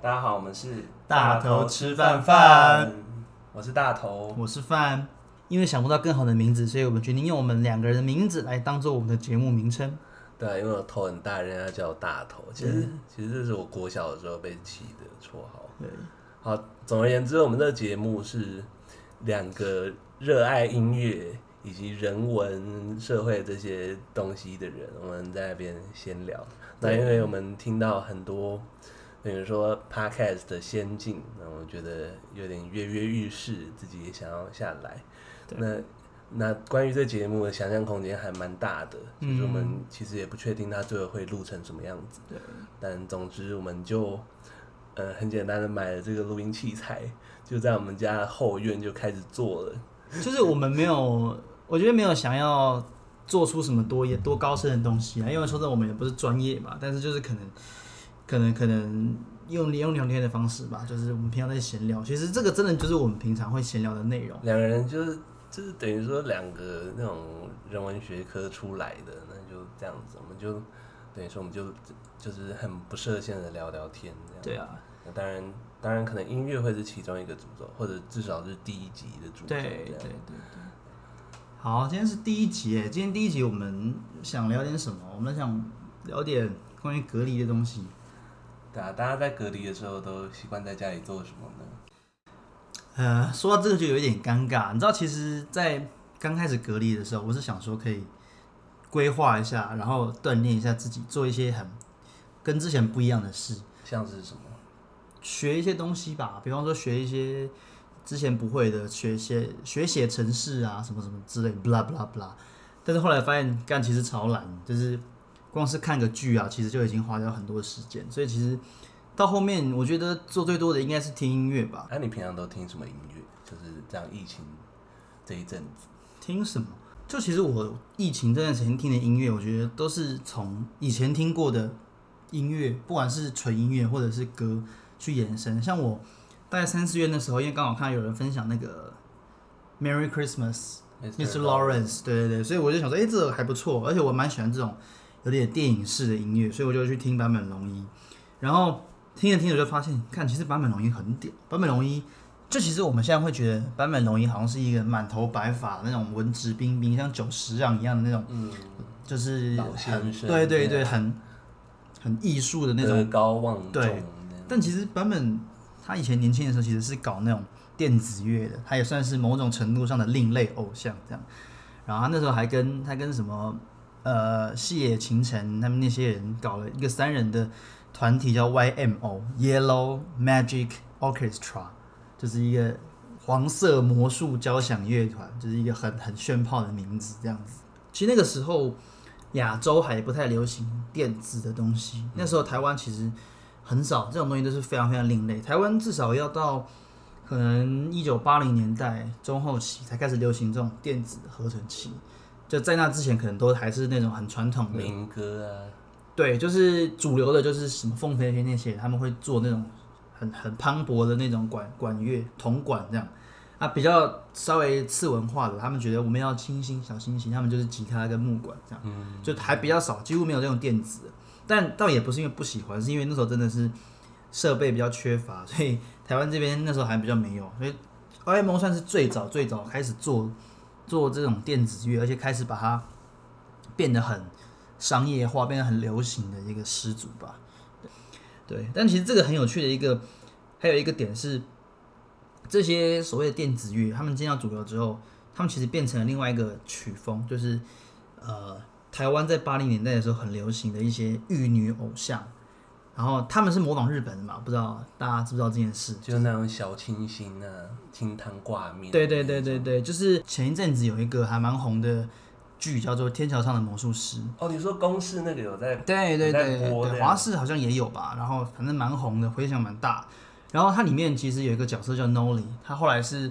大家好，我們是大頭吃范范，大頭、范范我是大頭，我是范，因為想不到更好的名字，所以我們決定用我們兩個人的名字來當做我們的節目名稱。對、啊，因為我頭很大，人家叫大頭。其實，其實這是我國小的時候被起的綽號。對、嗯，好，總而言之，我們這個節目是兩個熱愛音樂以及人文社會這些東西的人，我們在那邊閒聊。嗯、那因為我們聽到很多。比如說 Podcast 的先進，那我覺得有點躍躍欲試，自己也想要下來。對那那關於這節目的想象空間還蠻大的，就是、嗯、我們其實也不確定它最後會錄成什麼樣子。對。但總之我們就呃很簡單的買了這個錄音器材，就在我們家後院就開始做了。就是我們沒有， 我覺得沒有想要做出什麼多多高深的東西啊，因為說真的，我們也不是專業嘛，但是就是可能。可能可能用用聊天的方式吧，就是我們平常在閒聊。其實這個真的就是我們平常會閒聊的內容。兩個人就是就是等於說兩個那種人文學科出來的，那就這樣子，我們就等於說我們就就是很不設限的聊聊天這樣。對啊，那當然當然可能音樂會是其中一個主軸，或者至少是第一集的主軸這樣。對，對對對對。好，今天是第一集誒，今天第一集我們想聊點什麼？我們想聊點關於隔離的東西。對啊，大家在隔離的時候都習慣在家裡做什麼呢？呃，說到這個就有點尷尬。你知道，其實，在剛開始隔離的時候，我是想說可以規劃一下，然後鍛鍊一下自己，做一些很跟之前不一樣的事。像是什麼？學一些東西吧，比方說學一些之前不會的學學，學寫學寫程式啊，什麼什麼之類，bla bla bla。Blah blah blah. 但是後來發現，幹，其實超難，就是。光是看個劇啊，其實就已經花掉很多時間，所以其實到後面，我覺得做最多的應該是聽音樂吧。那、啊、你平常都聽什麼音樂？就是這樣，疫情這一陣子聽什麼？就其實我疫情這段時間聽的音樂，我覺得都是從以前聽過的音樂，不管是純音樂或者是歌去延伸。像我大概三四月的時候，因為剛好看到有人分享那個 Merry Christmas，Mr. Lawrence，對對對，所以我就想說，哎、欸，這個、還不錯，而且我蠻喜歡這種。有點電影式的音樂，所以我就去聽坂本龍一，然後聽着聽着就發現，看其實坂本龍一很屌。坂本龍一，這其實我們現在會覺得坂本龍一好像是一個滿頭白髮的那種文質彬彬、像九十歲一樣的那種，嗯，就是老先生對，對對對，樣很很藝術的那種高望對。但其實坂本他以前年輕的時候其實是搞那種電子樂的，他也算是某種程度上的另類偶像這樣。然後他那時候還跟他還跟什麼。呃，細野晴臣他們那些人搞了一個三人的團體，叫 YMO（Yellow Magic Orchestra），就是一個黃色魔術交響樂團，就是一個很很炫炮的名字。這樣子，其實那個時候亞洲還不太流行電子的東西，嗯、那時候台灣其實很少這種東西，都是非常非常另類。台灣至少要到可能一九八零年代中後期才開始流行這種電子合成器。就在那之前，可能都還是那種很傳統的民歌啊，對，就是主流的，就是什麼鳳飛飛那些，他們會做那種很很磅礴的那種管管樂，銅管這樣。啊，比較稍微次文化的，他們覺得我們要清新小清新，他們就是吉他跟木管這樣，就還比較少，幾乎沒有這種電子。但倒也不是因為不喜歡，是因為那時候真的是設備比較缺乏，所以台灣這邊那時候還比較沒有，所以、O.M.O 算是最早最早開始做。做這種電子樂，而且開始把它變得很商業化，變得很流行的一個始祖吧，對，對。但其實這個很有趣的一個，還有一個點是，這些所謂的電子樂，他們進到主流之後，他們其實變成了另外一個曲風，就是呃，台灣在八零年代的時候很流行的一些玉女偶像。然後他們是模仿日本的嘛，不知道大家知不知道這件事？就是那種小清新啊，清湯掛面。對對對對對，就是前一陣子有一個還蠻紅的劇，叫做《天橋上的魔術師》。哦，你說公視那個有在對對對，對播對華視好像也有吧？然後反正蠻紅的，回響蠻大。然後它裡面其實有一個角色叫 Noli，他後來是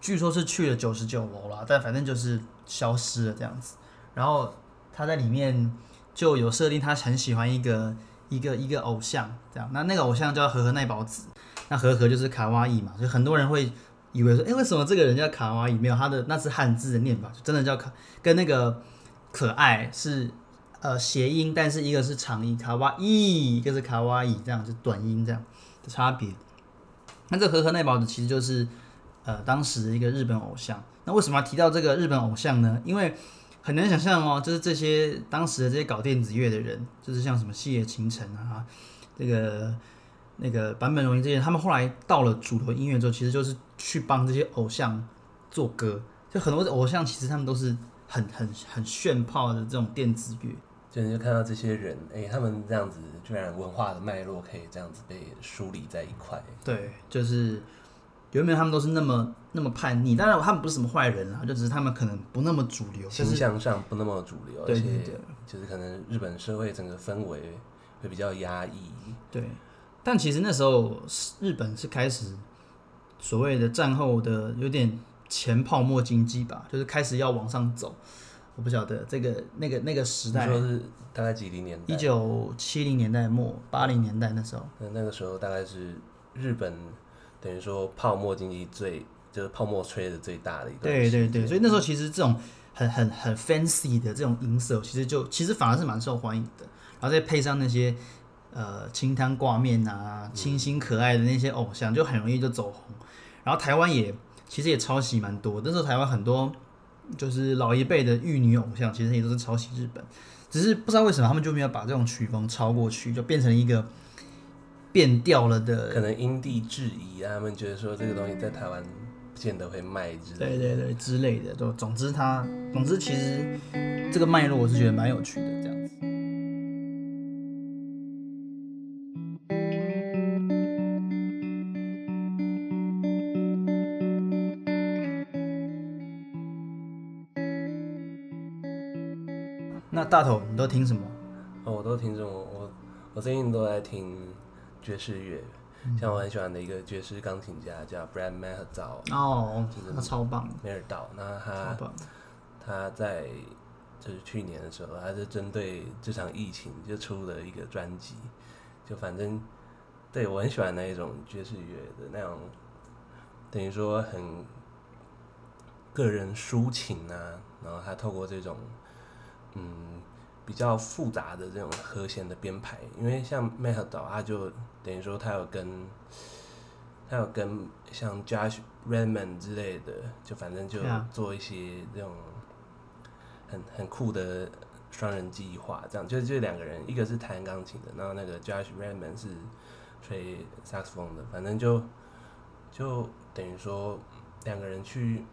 據說是去了九十九樓了，但反正就是消失了這樣子。然後他在裡面就有設定，他很喜歡一個。一個一個偶像這樣，那那個偶像叫河合奈保子，那河合就是卡哇伊嘛，就很多人會以為說，哎，為什麼這個人叫卡哇伊？沒有，他的那是漢字的念法，就真的叫卡，跟那個可愛是呃諧音，但是一個是長音卡哇伊，一個是卡哇伊，這樣是短音這樣的差別。那這個河合奈保子其實就是呃當時一個日本偶像。那為什麼要提到這個日本偶像呢？因為。很難想象哦，就是這些當時的這些搞電子樂的人，就是像什麼細野晴臣啊，這個那個坂本龍一這些，他們後來到了主流音樂之後，其實就是去幫這些偶像做歌。就很多偶像其實他們都是很很很炫炮的這種電子樂。就你就看到這些人，哎、欸，他們這樣子，居然文化的脈絡可以這樣子被梳理在一塊。對，就是。有沒有他們都是那麼那麼叛逆？當然，他們不是什麼壞人啊，就只是他們可能不那麼主流，就是、形象上不那麼主流，對對對，就是可能日本社會整個氛圍會比較壓抑。對，但其實那時候日本是開始所謂的戰後的有點前泡沫經濟吧，就是開始要往上走。我不曉得這個那個那個時代，你說是大概幾零年代？一九七零年代末，八零年代那時候，那那個時候大概是日本。等於說泡沫經濟最就是泡沫吹的最大的一段。對對對，對所以那時候其實這種很很很 fancy 的這種音色，其實就其實反而是蠻受歡迎的。然後再配上那些呃清湯掛麵啊、清新可愛的那些偶像，嗯、就很容易就走紅。然後台灣也其實也抄襲蠻多，那時候台灣很多就是老一輩的玉女偶像，其實也都是抄襲日本，只是不知道為什麼他們就沒有把這種曲風抄過去，就變成一個變掉了的，可能因地制宜啊。他們覺得說這個東西在台灣不見得會賣之類的，對對對之類的。都總之它，他總之其實這個脈絡我是覺得蠻有趣的，這樣子。嗯。那大頭，你都聽什麼？哦，我都聽什麼？我我最近都在聽。爵士樂，像我很喜歡的一個爵士鋼琴家叫 Brad Mehldau 哦，真的，他超棒，Mehldau，那他，他在就是去年的時候，他是針對這場疫情就出了一個專輯，就反正對我很喜歡那一種爵士樂的那種，等於說很個人抒情啊，然後他透過這種，嗯。比較複雜的這種和弦的編排，因為像 Mehldau 他就等於說他有跟他有跟像 Josh Redman 之類的，就反正就做一些這種很很酷的雙人計劃，這樣，就是就兩個人，一個是彈鋼琴的，然後那個 Josh Redman 是吹 Saxophone 的，反正就就等於說兩個人去，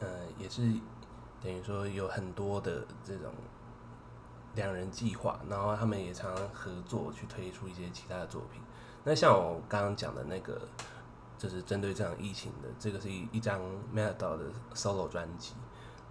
呃，也是。等於說有很多的這種兩人計劃，然後他們也常常合作去推出一些其他的作品。那像我剛剛講的那個，就是針對這場疫情的，這個是一一張 Maddo 的 solo 專輯，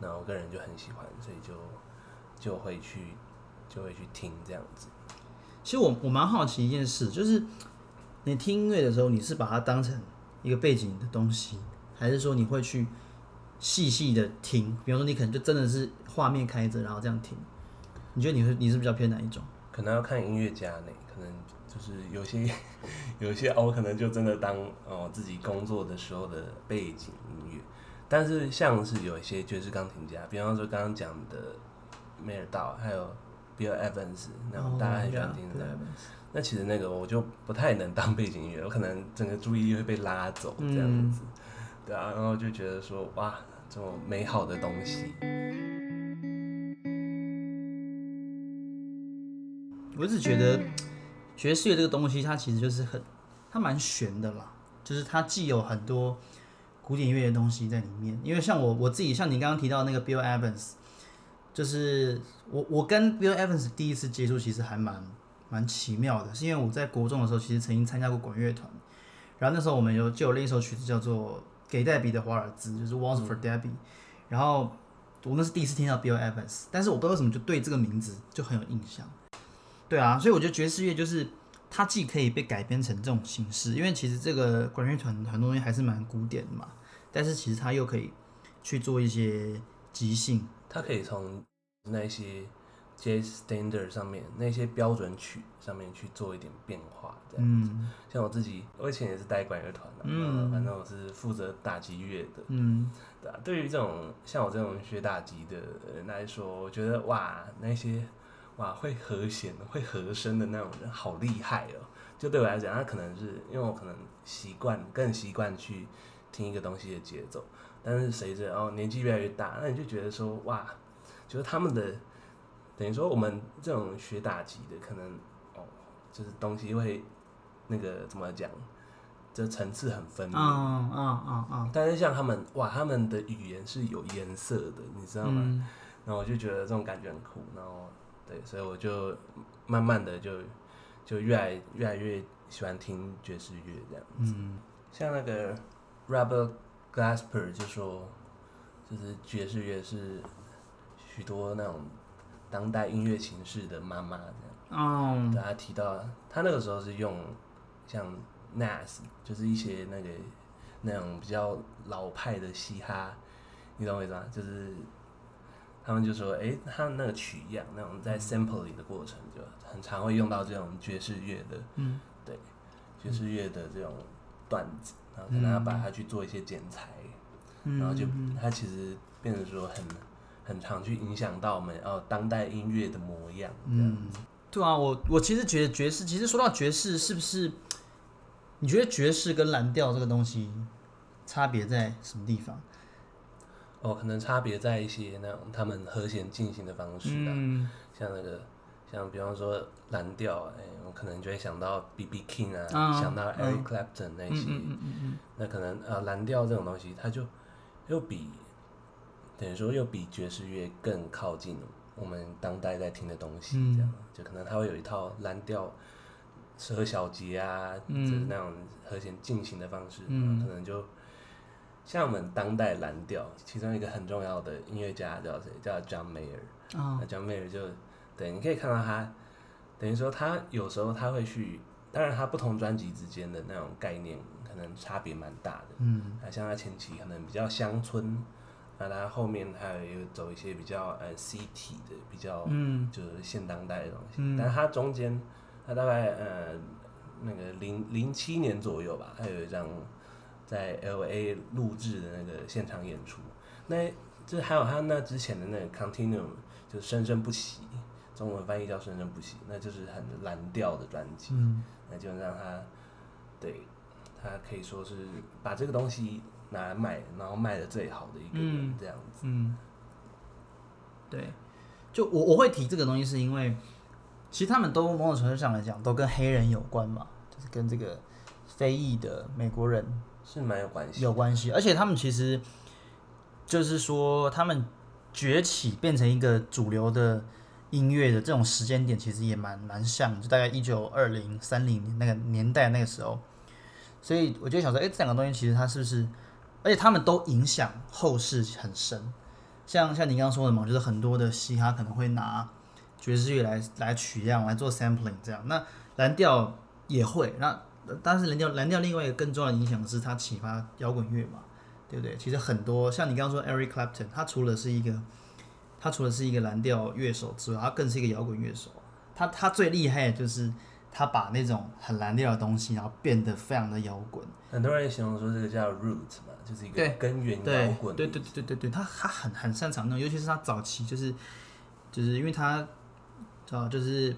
然後我個人就很喜歡，所以就就會去就會去聽這樣子。其實我我蠻好奇一件事，就是你聽音樂的時候，你是把它當成一個背景的東西，還是說你會去？細細的聽，比方說你可能就真的是畫面開着，然後這樣聽。你覺得你會你是比較偏哪一種？可能要看音樂家呢，可能就是有些有些哦，可能就真的當哦自己工作的時候的背景音樂。但是像是有一些爵士鋼琴家，比方說剛剛講的 Mehldau，還有 Bill Evans，那種大家很喜歡聽的、oh, yeah, Bill Evans。那其實那個我就不太能當背景音樂，我可能整個注意力會被拉走這樣子。嗯然後就覺得說哇，這麼美好的東西。我一直覺得爵士樂這個東西，它其實就是很，它蠻玄的啦，就是它既有很多古典音樂的東西在裡面。因為像我我自己，像你剛剛提到那個 Bill Evans，就是我我跟 Bill Evans 第一次接觸其實還蠻蠻奇妙的，是因為我在國中的時候其實曾經參加過管樂團，然後那時候我們有就，就有另一首曲子叫做。給黛比的華爾茲就是《Waltz for Debbie》，嗯，然後我那是第一次聽到 Bill Evans，但是我不知道為什麼就對這個名字就很有印象。對啊，所以我覺得爵士樂就是它既可以被改編成這種形式，因為其實這個管樂團很多東西還是蠻古典的嘛，但是其實它又可以去做一些即興。它可以從那些。Jazz Standard 上面那些標準曲上面去做一點變化這樣子，嗯、像我自己，我以前也是帶管樂團的，嗯，反正我是負責打擊樂的，嗯對、啊，對於這種像我這種學打擊的人、嗯呃、來說，我覺得哇，那些哇會和弦、會和聲的那種人好厲害哦，就對我來講，他可能是因為我可能習慣更習慣去聽一個東西的節奏，但是隨着哦年紀越來越大，那你就覺得說哇，就是他們的。等於說，我們這種學打擊的，可能哦，就是東西會那個怎麼講，這層次很分明。嗯嗯嗯嗯。但是像他們，哇，他們的語言是有顏色的，你知道嗎？嗯、然後我就覺得這種感覺很酷。然後對，所以我就慢慢的就就越來越來越喜歡聽爵士樂這樣子。嗯、像那個 Robert Glasper 就說，就是爵士樂是許多那種。當代音樂形式的媽媽這樣，oh. 對，他提到，他那個時候是用像 Nas，就是一些那個那種比較老派的嘻哈，你懂我意思嗎？就是他們就說，哎、欸，他那個曲一樣那種在 sampling 的過程，就很常會用到這種爵士樂的，嗯、mm，hmm. 對，爵士樂的這種段子，然後可能要把它去做一些剪裁，mm hmm. 然後就他其實變得說很。很常去影響到我們哦，當代音樂的模樣，樣。嗯，對啊，我我其實覺得爵士，其實說到爵士，是不是？你覺得爵士跟藍調這個東西差別在什麼地方？哦，可能差別在一些那種他們和弦進行的方式啊，嗯、像那個像比方說藍調，哎、欸，我可能就會想到 B.B. King 啊，啊想到 Eric、啊、Clapton 那些，嗯嗯嗯嗯嗯、那可能呃、啊、藍調這種東西，它就又比。等於說又比爵士樂更靠近我們當代在聽的東西，這樣，嗯、就可能他會有一套藍調，十二小節啊，就是、嗯、那種和弦進行的方式，嗯嗯、可能就，像我們當代藍調，其中一個很重要的音樂家叫誰？叫 John Mayer、哦。John Mayer 就，對，你可以看到他，等於說他有時候他會去，當然他不同專輯之間的那種概念可能差別蠻大的。嗯，啊，像他前期可能比較鄉村。那他後面還有一個走一些比較呃 city 的比較，嗯，就是現當代的東西。嗯嗯、但他中間，他大概呃那個零零七年左右吧，他有一張在 L A 錄制的那個現場演出。那這還有他那之前的那個 Continuum，就生生不息，中文翻譯叫生生不息，那就是很藍調的專輯。嗯、那就讓他對他可以說是把這個東西。拿來賣，然後賣的最好的一個人這樣子。嗯，嗯，對，就我我會提這個東西，是因為其實他們都某種程度上來講，都跟黑人有關嘛，就是跟這個非裔的美國人是蠻有關係，有關係。而且他們其實就是說，他們崛起變成一個主流的音樂的這種時間點，其實也蠻蠻像，就大概一九二零、三零年那個年代那個時候。所以我就想說，哎、欸，這兩個東西其實它是不是？而且他們都影響後世很深，像像你剛剛說的嘛，就是很多的嘻哈可能會拿爵士樂來來取樣來做 sampling 這樣，那藍調也會，那但是藍調藍調另外一個更重要的影響是它啟發搖滾樂嘛，對不對？其實很多像你剛剛說 Eric Clapton，他除了是一個，他除了是一個藍調樂手之外，他更是一個搖滾樂手，他他最厲害的就是。他把那種很藍調的東西，然後變得非常的搖滾。很多人也形容說這個叫 “root” 吧，就是一個根源搖滾。對對對對對他他很很擅長那種，尤其是他早期就是，就是因為他，知道就是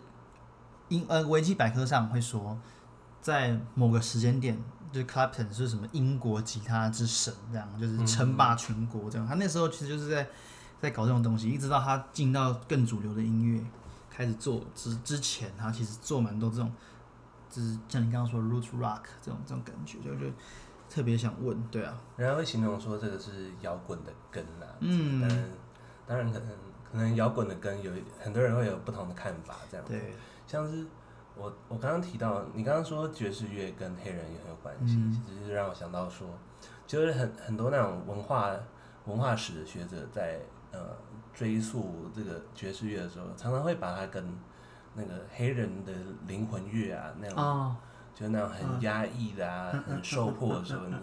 英呃維基百科上會說，在某個時間點，就是 Clapton 是什麼英國吉他之神這樣，就是稱霸全國這樣。嗯嗯他那時候其實就是在在搞這種東西，一直到他進到更主流的音樂。開始做之之前，他其實做蠻多這種，就是像你剛剛說的 root rock 這種這種感覺，就，就特別想問，對啊，人家會形容說這個是搖滾的根啦，啊，嗯，當然可能可能搖滾的根有很多人會有不同的看法，這樣對，像是我我剛剛提到你剛剛說爵士樂跟黑人也很有關係，嗯，其實就是讓我想到說，就是很很多那種文化文化史的學者在。呃，追溯這個爵士樂的時候，常常會把它跟那個黑人的靈魂樂啊，那種，oh. 就那種很壓抑的啊，oh. 很受迫的時候，你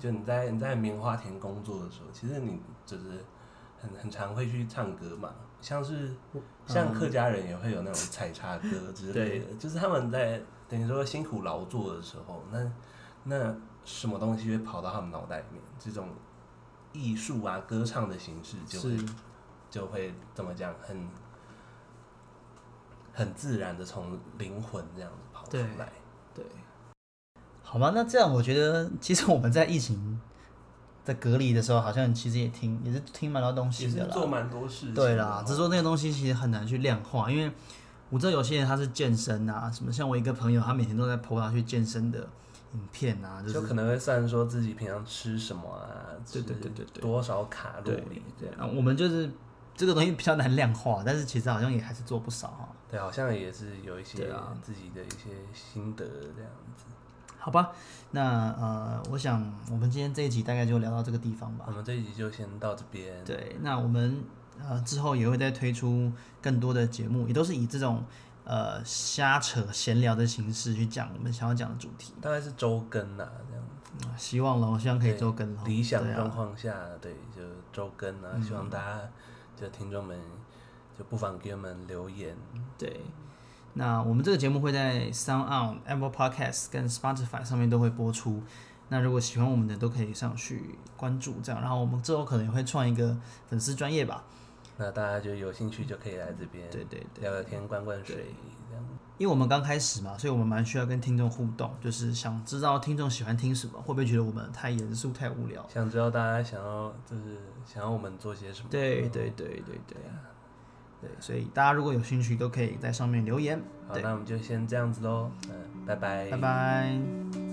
就你在你在棉花田工作的時候，其實你就是很很常會去唱歌嘛，像是、oh. 像客家人也會有那種採茶歌之類的， 對就是他們在等於說辛苦勞作的時候，那那什麼東西會跑到他們腦袋裡面？這種。藝術啊，歌唱的形式就會是就會怎麼講，很很自然的從靈魂這樣子跑出來。對，對好吧，那這樣我覺得，其實我們在疫情在隔離的時候，好像其實也聽也是聽蠻多東西的啦，也做蠻多事情，對啦。只是說那個東西其實很難去量化，話因為我知道有些人他是健身啊，什麼像我一個朋友，他每天都在跑，他去健身的。影片啊，就是、就可能會算說自己平常吃什麼啊，對對對對對，吃多少卡路里這樣對、啊。我們就是這個東西比較難量化，但是其實好像也還是做不少哈。對，好像也是有一些自己的一些心得這樣子。好吧，那呃，我想我們今天這一集大概就聊到這個地方吧。我們這一集就先到這邊。對，那我們呃之後也會再推出更多的節目，也都是以這種。呃，瞎扯閒聊的形式去講我們想要講的主題，大概是周更啊，這樣子。啊、希望嘍，希望可以周更。理想狀況下，對，啊、對，就周更啊。希望大家就聽眾們、嗯、就不妨給我們留言。對，那我們這個節目會在 Sound On、Apple Podcast 跟 Spotify 上面都會播出。那如果喜歡我們的，都可以上去關注這樣。然後我們之後可能也會創一個粉絲專頁吧。那大家就有興趣就可以來這邊，對對，對對，對，聊聊天、灌灌水對這樣子。因為我們剛開始嘛，所以我們蠻需要跟聽眾互動，就是想知道聽眾喜歡聽什麼，會不會覺得我們太嚴肅、太無聊？想知道大家想要，就是想要我們做些什麼？對對對對對，對，啊、對，對，所以大家如果有興趣，都可以在上面留言。好，對那我們就先這樣子嘍。嗯，拜拜。拜拜。